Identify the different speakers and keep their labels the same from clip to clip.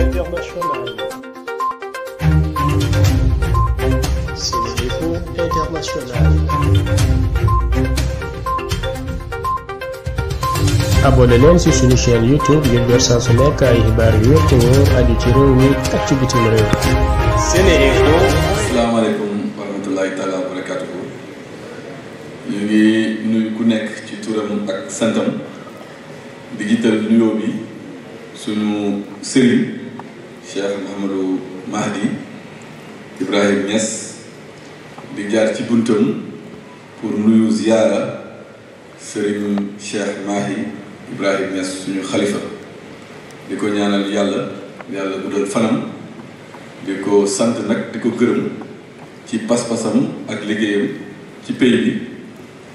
Speaker 1: internationale. Sénéinfo International. suñu chaîne YouTube ngir jot saa su nekk ay xibaar yu wér te wóor aju ci réew mi ak ci bitim réew. Sénéinfo. asalaamaaleykum wa rahmatulahi taala wa barakaatuhu. ñu ku nekk ci turam ak santam di jiital nuyoo suñu sëriñ. Cheikh Mouhamadou Mahdi Ibrahim Niass di jaar ci buntam pour nuyu ziyaara sëriñ Cheikh Mahi Ibrahim Niass suñu xalifa di ko ñaanal yàlla yàlla bu doon fanam di ko sant nag di ko gërëm ci pas-pasam ak liggéeyam ci pays bi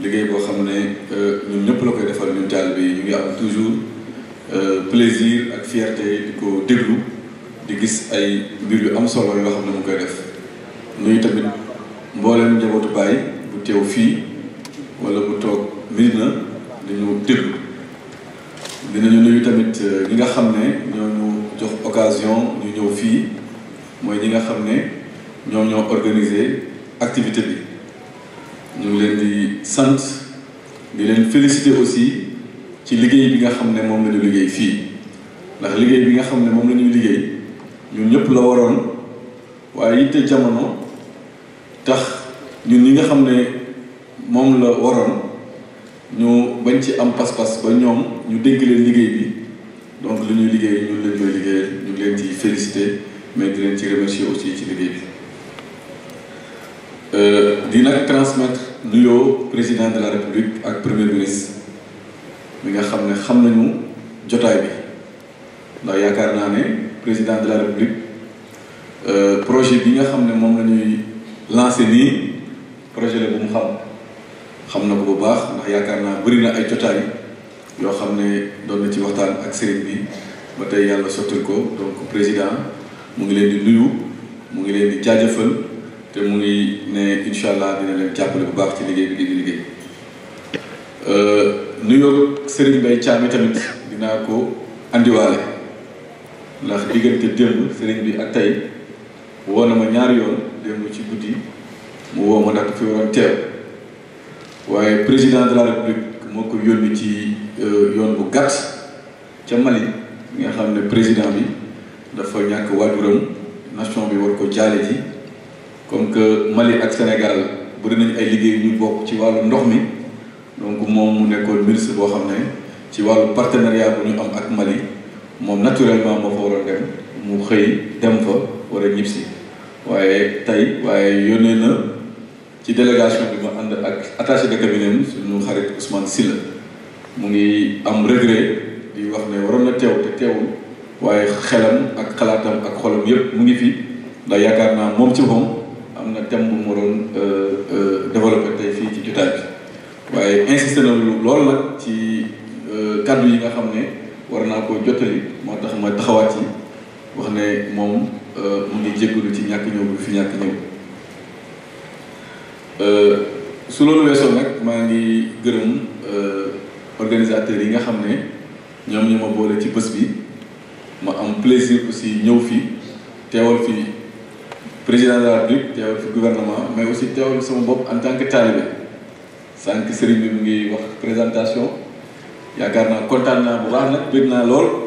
Speaker 1: liggéey boo xam ne euh, ñun ñëpp la koy defal ñun taal bi ñu ngi am toujours euh, plaisir ak fierté di ko déglu di gis ay mbir yu am solo yoo xam ne mu koy def nuyu tamit mbooleem njabootu Baay bu teew fii wala bu toog Medina dañu déglu dinañu nuyu tamit euh, ñi nga xam ne ñoo ñu jox occasion ñu ñëw fii mooy ñi nga xam ne ñoom ñoo organiser activité bi ñu ngi leen di sant di leen féliciter aussi ci liggéey bi nga xam ne moom la ñu liggéey fii ndax liggéey bi nga xam ne moom la ñuy liggéey ñun ñëpp la waroon waaye yitte jamono tax ñu ñi nga xam ne moom la waroon ñu bañ ci am pas-pas ba ñoom ñu dégg leen liggéey bi donc lu ñuy liggéey ñu lañ koy liggéey ñu leen ci félicité mais di leen ci remercier aussi ci liggéey bi euh, di nag transmettre nuyoo président de la république ak premier ministre mi nga xam ne xam nañu jotaay bi ndax yaakaar naa ne président de la république euh, projet bi nga xam ne moom la ñuy lancé nii projet la bu mu xam xam na ko bu baax ndax yaakaar naa bëri na ay jotaay yoo xam ne doon na ci waxtaan ak sëriñ bi ba tey yàlla sottil ko donc président mu ngi leen di nuyu mu ngi leen di jaajëfal te mu ngi ne incha allah dina leen jàppale bu baax ci liggéey bi di liggéey euh, nuyoo sëriñ Mbaye Thiam tamit dinaa ko andiwaale. ndax diggante démb sëriñ bi ak tey woo na ma ñaari yoon démb ci guddi mu woo ma ndax fi waroon teew waaye président de la république moo ko yónni ci euh, yoon bu gàtt ca Mali nga xam ne président bi dafa ñàkk waajuram nation bi war ko jaale ji comme que Mali ak Sénégal bëri nañ ay liggéey ñu bokk ci wàllu ndox mi donc moom mu nekkoon ministre boo xam ne ci wàllu partenariat bu ñu am ak Mali moom naturellement moo fa waroon dem mu xëy dem fa war a ñib waaye tey waaye yónnee na ci délégation bi ma ànd ak attaché de cabinet suñu xarit Ousmane Sylla mu ngi am regret di wax ne waroon na teew te teewul waaye xelam ak xalaatam ak xolam yépp mu ngi fi ndax yaakaar naa moom ci boppam am na thème bu mu doon euh, euh, développé fii ci jotaay bi waaye insisté na lool nag ci euh, kàddu yi nga xam ne war naa ko jottali ma taxawaat ci wax ne moom euh, mu ngi jéggalu ci ñàkk ñëw bi fi ñàkk ñëw euh, su loolu weesoo nag maa ngi gërëm euh, organisateurs yi nga xam ne ñoom ñu ma boole ci bés bi ma am plaisir si ñëw fi teewal fi président de la République teewal fi gouvernement mais aussi teewal sama bopp en tant que taalibe sànq sëriñ bi mu ngi wax présentation yaakaar naa kontaan naa bu baax nag bëgg naa lool.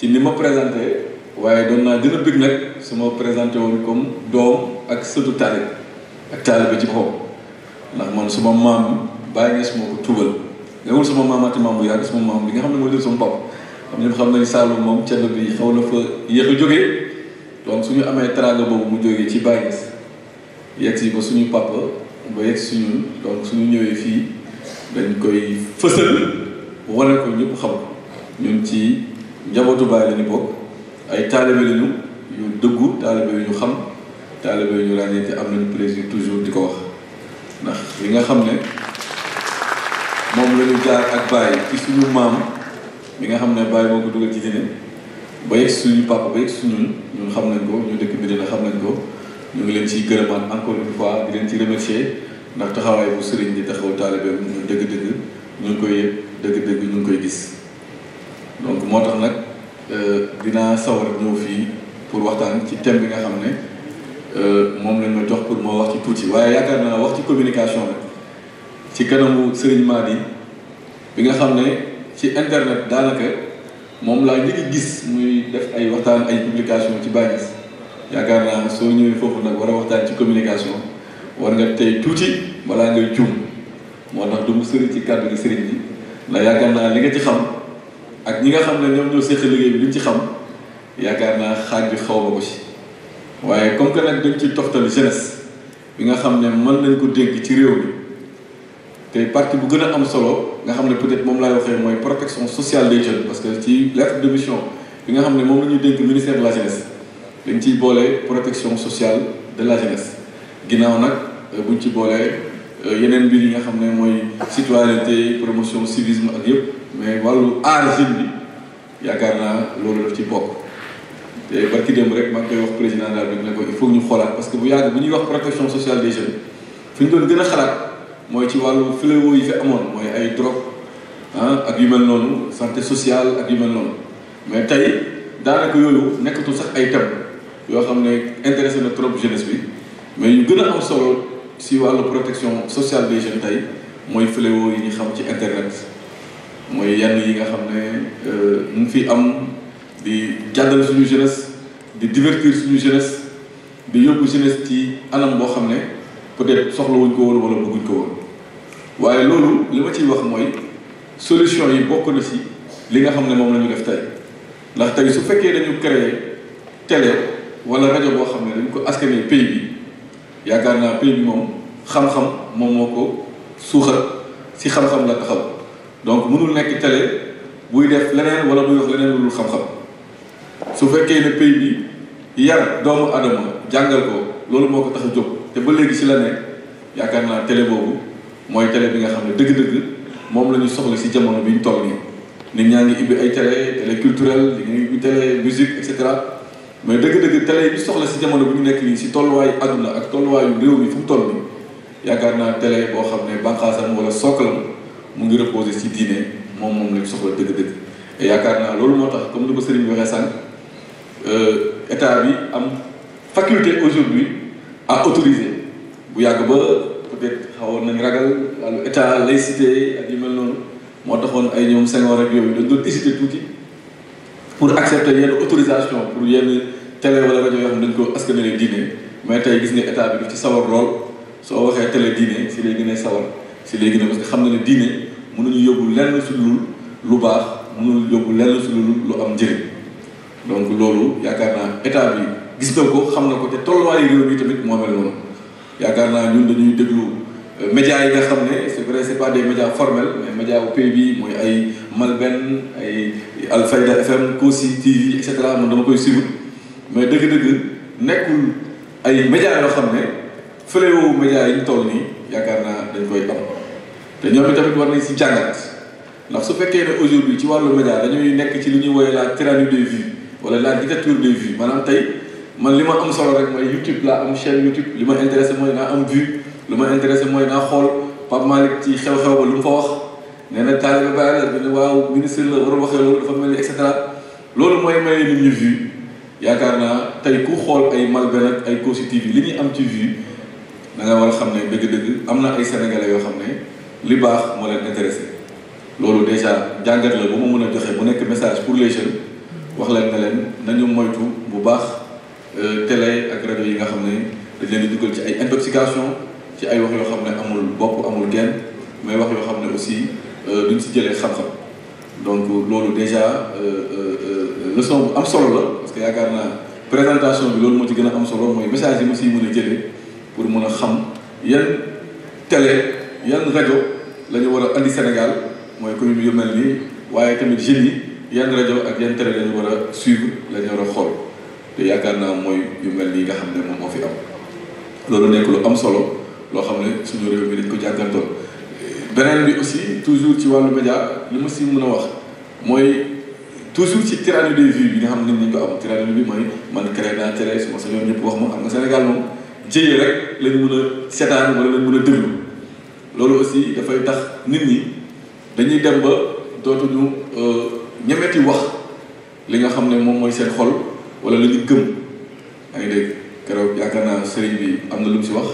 Speaker 1: ci ni ma présenté waaye doon naa gën a bëgg nag su ma présenté woon comme doom ak sëtu taalib ak taalibe ci boppam ndax man suma maam bàyyi ngi suma ko tubal newul suma maamaati maam bu yàgg suma maam bi nga xam ne moo jël suma bopp xam ñëpp xam nañ moom cell bi xaw la fa yéex a jógee donc suñu amee teraanga boobu mu jógee ci bàyyi yegg si ba suñu papa ba yegg si donc suñu ñëwee fii dañ koy fësal wane ko ñëpp xam ñun ci njabootu Baay lañu bokk ay taalibe lañu yu dëggu taalibe ñu xam taalibe yu ñu ràññee te am nañu plaisir toujours di ko wax ndax li nga xam ne moom la ñu jaar ak Baay ci suñu maam bi nga xam ne Baay moo ko dugal ci diine ba yegg suñu papa ba yegg suñu ñun xam nañ ko ñu dëkk bi dina xam nañ ko ñu ngi leen ciy gërëmaat encore une fois di leen ci remercier ndax taxawaay bu seriñ di taxaw taalibe ñun dëgg-dëgg ñu koy yëg dëgg-dëgg ñu ngi koy gis moo tax nag euh, dinaa sawar ñëw pour waxtaan ci thème bi nga xam ne euh, moom lañ ma jox pour moo wax ci tuuti waaye yaakaar naa wax ci communication nag ci kanamu Serigne Madi bi nga xam ne ci internet daanaka moom laa njëkk gis muy def ay waxtaan ay publication ci Bañes yaakaar naa soo ñëwee foofu nag war a waxtaan ci communication war nga tey tuuti balaa ngay juum moo tax du mu sëriñ ci kàddu gi sëriñ bi la yaakaar naa li nga ci xam ak ñi nga xam ne ñoom ñoo seq liggéey bi liñ ci xam yaakaar naa xaaj bi xaw ma ko ci waaye comme que nag dañ ci toxtal jeunesse bi nga xam ne mën nañ ko dénk ci réew mi te partie bu gën a am solo nga xam ne peut moom laay waxee mooy protection sociale de jeunes parce que ci lettre de mission bi nga xam ne moom la ñuy dénk ministère de la jeunesse dañ ciy boole protection sociale de la jeunesse ginnaaw nag euh, buñ ci boolee. Euh, yeneen mbir yi nga xam ne mooy citoyenneté promotion civisme ak yëpp mais wàllu aar jeune bi yaakaar naa loolu daf ci bokk te barki dem rek maa ngi koy wax président daal bi ne ko il ñu xoolaat parce que bu yàgg bu ñuy wax protection sociale des jeunes fi ñu doon gën a xalaat mooy ci wàllu fléau yi fi amoon mooy ay trop ah ak yu mel noonu santé sociale ak yu noonu mais tey daanaka yooyu nekkatul sax ay thèmes yoo xam ne intéressé na trop jeunesse bi mais yu si wàllu protection sociale des jeunes tey mooy fléau yi ñu xam ci internet mooy yenn yi nga xam ne euh, mu ngi fi am di jàddal suñu jeunesse di divertir suñu jeunesse di yóbbu jeunesse ci alam boo xam ne peut-être soxlawuñ ko woon wala bëgguñ ko woon waaye loolu li ma ciy wax mooy solution yi bokk na si li nga xam ne moom la def tey ndax tey su fekkee dañu créer télé wala rajo boo xam ne dañ ko askanee pays bi yaakaar naa pays bi moom xam-xam moom moo ko suuxal si xam-xam la taxaw donc mënul nekk télé buy def leneen wala buy wax leneen lu dul xam-xam su fekkee ne pays bi yar doomu adama jàngal ko loolu moo ko tax a jóg te ba léegi si la nekk yaakaar naa télé boobu mooy télé bi nga xam ne dëgg-dëgg moom la ñu soxla si jamono bi ñu toll nii nit ñaa ngi ibbi ay télé télé culturel nit ñaa ngi ibbi télé musique et cetera mais dëgg-dëgg télé bi soxla si jamono bu ñu nekk nii si tolluwaayu àdduna ak tolluwaayu réew mi fu mu toll nii yaakaar naa télé boo xam ne bànqaasam wala sokkalam mu ngi reposé si diine moom moom lañ soxla dëgg-dëgg. yaakaar naa loolu moo tax comme ni ko sëriñ bi waxee sànq euh, état bi am faculté aujourd'hui à autorisé bu yàgg ba peut-être xawoon nañ ragal wàllu état laïcité ak yu mel noonu moo taxoon ay ñoom Senghor ak yooyu dañ doon hésité tuuti. pour accepter yenn autorisation pour yenn télé wala rajo yoo xam ne dañ ko askanale diine mais tey gis nga état bi daf ci sawar lool soo waxee télé diine si lay gën a sawar si lay gën parce que xam na ne diine mënuñu yóbbu lenn si lu lu baax mënul yóbbu lenn si lu lu am njëriñ donc loolu yaakaar naa état bi gis na ko xam ne ko te tolluwaayu réew mi tamit moo mel moom yaakaar naa ñun dañuy déglu euh, médias yi nga xam ne c'est vrai c'est pas des médias formels mooy ay. Malben ay Alfayda FM Kossy TV et cetera man dama koy suivre mais dëgg-dëgg nekkul ay médias yoo xam ne fléau médias yi ñu toll nii yaakaar naa dañ koy am te ñoom tamit war nañ si jàngat ndax su fekkee ne aujourd'hui ci wàllu média dañuy nekk ci li ñuy woowee la tyrannie des vues wala la dictature des vues maanaam tey man li ma am solo rek mooy YouTube laa am chaîne YouTube li ma intéressé mooy naa am vue lu ma intéressé mooy naa xool Pape Malick ci xew-xew lu mu fa nee na taalibe Baay bi ne waaw ministre la war a waxee loolu dafa mel ni cetera loolu mooy maye nit ñi vue yaakaar naa tey ku xool ay Malben ak ay Kossy li ñuy am ci vue da war a xam ne dëgg-dëgg am na ay sénégalais yoo xam ne li baax moo leen intéressé loolu dèjà jàngat la bu ma mën a joxee bu nekk message pour les jeunes wax leen ne leen nañu moytu bu baax euh, télé ak rajo yi nga xam ne dañ leen di dugal ci ay intoxication ci ay wax yoo xam ne amul bopp amul genn mais wax yoo xam ne aussi. Euh, duñ si jëlee xam-xam donc loolu déjà euh, euh, leçon bu am solo la parce que yaakaar naa présentation bi loolu moo ci gën a am solo mooy message yi ma siy mën a pour mën a xam yan télé yan rajo la war a andi Sénégal mooy commune yu mel nii waaye tamit jeunes yi yan rajo ak yan télé lañu war a suivre la ñu war a xool te yaakaar naa mooy yu mel nii nga xam ne moom moo fi am loolu nekk lu am solo loo xam ne suñu réew mi dañ ko jàngantoon beneen bi aussi toujours ci wàllu média li ma si mën a wax mooy toujours ci tyrannie des vues bi nga xam ne nit ñi ko am tyrannie bi mooy man créé naa télé su ma sa ñoom ñëpp wax ma xam nga Sénégal moom jëyee rek lañ mën a seetaan wala lañ mën a déglu loolu aussi dafay tax nit ñi dañuy dem ba dootuñu euh, ñemeti wax li nga xam ne moom mooy seen xol wala la ñu gëm yaa ngi dégg naa sëriñ bi am na lu mu si wax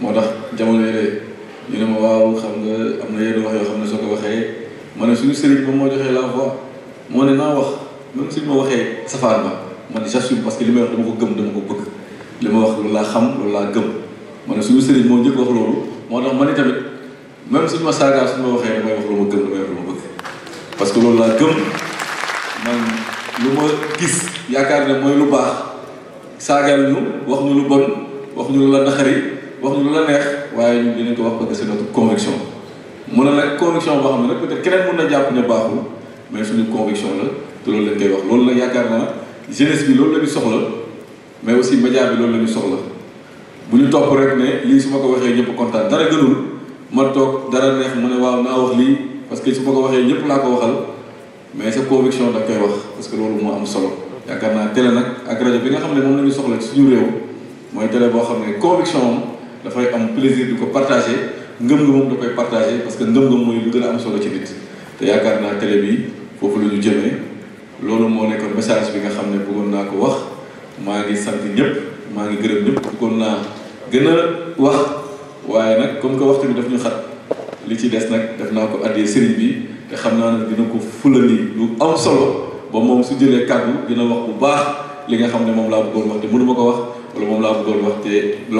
Speaker 1: moo tax jamono yële ñu ne ma waaw xam nga am na yenn wax yoo xam ne soo ko waxee ma suñu sëriñ ba moo joxee la voix moo ne naa wax même suñu ma waxee safaan ba ma ne j'assume parce que gëm dama ko bëgg li ma wax loolu laa xam loolu laa gëm ma ne moo njëkk tax ma ne tamit même ma saagaa suñu wax lu lu que loolu laa gëm yaakaar ne mooy lu baax saagal bon wax ñu la naxari wax ñu la neex waaye ñun dinañ ko wax parce que c'est mu conviction mun na nag boo xam ne rek peut-être keneen mun na jàpp ne baaxul mais suñu conviction la te loolu lañ koy wax la yaakaar naa jeunesse bi loolu la ñu soxla mais aussi média bi loolu la ñu soxla bu ñu topp rek ne lii su ma ko waxee ñëpp kontaan dara gënul ma toog dara neex mu ne waaw naa wax lii parce que su ma ko waxee ñëpp laa ko waxal mais sa conviction da koy wax parce que loolu moo am solo yaakaar naa télé nag ak rajo bi nga xam ne moom la ñu soxla ci suñu réew mooy télé boo xam ne conviction dafay am plaisir di ko partager ngëm-ngëmam da koy partager parce que ngëm-ngëm mooy lu gën a am solo ci nit te yaakaar naa télé bi foofu la ñu jëmee loolu moo nekkoon message bi nga xam ne bëggoon naa ko wax maa ngi sant ñëpp maa ngi gërëm ñëpp bëggoon naa gën a wax waaye nag comme que waxtu bi daf ñu xat li ci des nag def naa ko addee sëriñ bi te xam naa ne dina ko fulani lu am solo ba moom su jëlee kàddu dina wax bu baax li nga xam ne moom laa bëggoon wax te mënu ma ko wax loolu moom laa bëggoon wax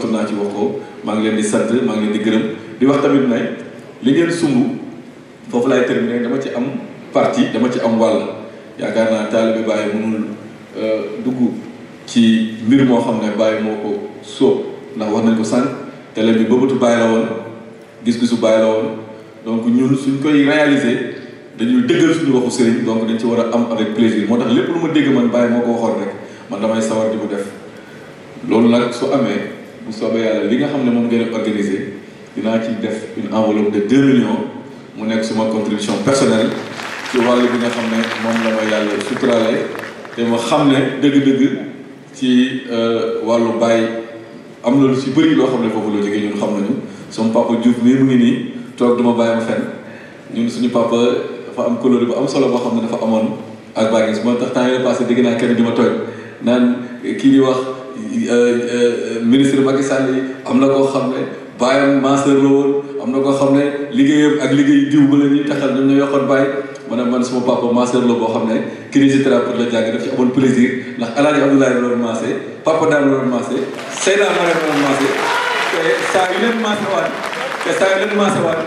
Speaker 1: te naa ci wax maa ngi leen di sant maa ngi leen di di wax tamit ne li ngeen sumb foofu laay terminer dama ci am partie dama ci am wàll yaakaar naa taalibe Baye mënul euh, dugg ci mbir moo xam ne Baye moo ko sóob ndax wax nañ ko sànq télé bi bëbëtu Baye gis-gisu Baye la woon donc suñu waxu sëriñ donc dañ ci war a am avec plaisir moo tax lépp lu ma dégg man Baye moo ko waxoon rek man damay sawar di ko def. loolu nag su amee bu soobee yàlla li nga xam ne moom ngeen organisé dinaa ci def une enveloppe de deux mu nekk suma contribution personnelle ci wàll bi nga xam ne moom la ma yàlla suturaale te ma xam ne dëgg-dëgg ci euh, wàllu bàyyi am na lu ci bëri loo xam ne foofu la jógee ñun xam nañu sama papa Diouf mii mu ngi nii toog duma bàyyi ma fenn ñun suñu papa dafa am couleur bu am solo boo xam ne dafa amoon ak bàyyi moo tax temps yii passé dégg naa kenn di ma Euh, euh, euh, ministre Macky Sall yi am na koo xam ne bàyyam master la am na koo xam ne liggéeyam ak liggéey diw ba la ñuy taxal ñoom ñoo yokkoon bàyyi ma ne man suma papa master la boo xam ne kinésithérapeute la jàng daf ci amoon plaisir ndax El Hadj Abdoulaye la doon maase papa daal la doon maase leen maase waat te leen maase waat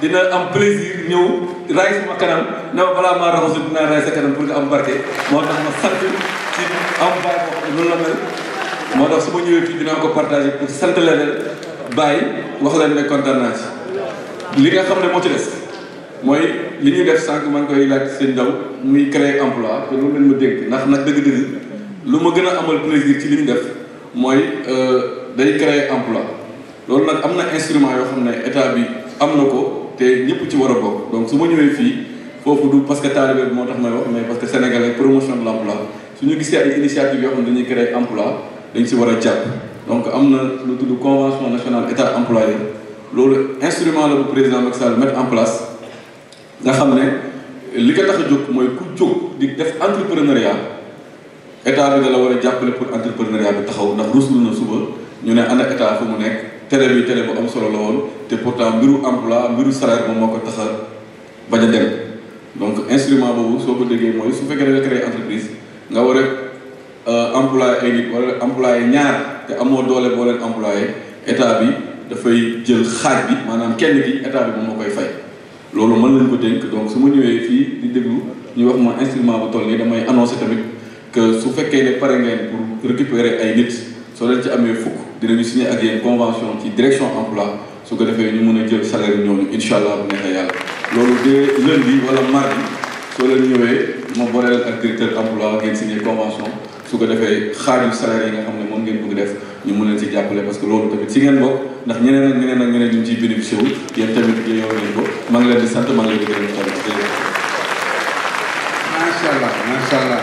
Speaker 1: dina am plaisir ñëw raay sama kanam ne ma balaa maa raxasu dinaa raay a kanam pour nga am barke moo tax ma sant ci am baay moo tax su ma ñëwee fii dinaa ko partagé pour sant la leen bàyyi wax leen ne kontaan naa ci li nga xam ne moo ci des mooy li ñuy def sànq man koy laaj seen ndaw muy créer emploi te loolu leen ma ndax nag dëgg lu ma gën amal plaisir ci li ñu def mooy euh, day créer emploi loolu nag am na instrument yoo xam ne état bi am na ko te ñëpp ci war a bokk donc su ma ñëwee fii foofu du parce que taalibe bi moo tax may wax mais parce que sénégalais promotion de l' su ñu gisee ay initiative yoo xam ne dañuy créer emploi dañ si war a jàpp donc am na lu tudd convention nationale état employé loolu instrument la bu président Macky Sall mettre en place nga xam ne li ko tax a jóg mooy ku jóg di def entrepreneuriat état bi da la war a jàppale pour entrepreneuriat bi taxaw ndax rusul na suba ñu ne ana état fu mu nekk télé bi télé bu am solo la woon te pourtant mbiru emploi mbiru salaire moom moo ko tax a bañ a dem donc instrument boobu soo ko déggee mooy su fekkee da nga créer nga war Euh, employé ay nit wala employé ñaar te amoo doole boo leen employé état bi dafay jël xaaj bi maanaam kenn gi état bi moom ma koy fay loolu mën lañ ko dénk donc su ma ñëwee fii di déglu ñu wax ma instrument bu toll nii damay annoncé tamit que su fekkee ne pare ngeen pour récupérer ay nit soo leen ci amee fukk dinañu signé ak yéen convention ci direction emploi su ko defee ñu mën a jël salaire ñooñu incha allah bu neexee yàlla loolu de lundi wala mardi soo leen ñëwee ma booleel ak directeur emploi ngeen signé convention su ko defee xaaju salaire yi nga xam ne moom ngeen bëgg def ñu mën leen si jàppale parce que loolu tamit si ngeen bokk ndax ñeneen ak ñeneen ak ñeneen ñu ciy bénéficié wu yéen tamit yéen leen ko maa ngi leen di sant maa ngi leen di gërëm tamit macha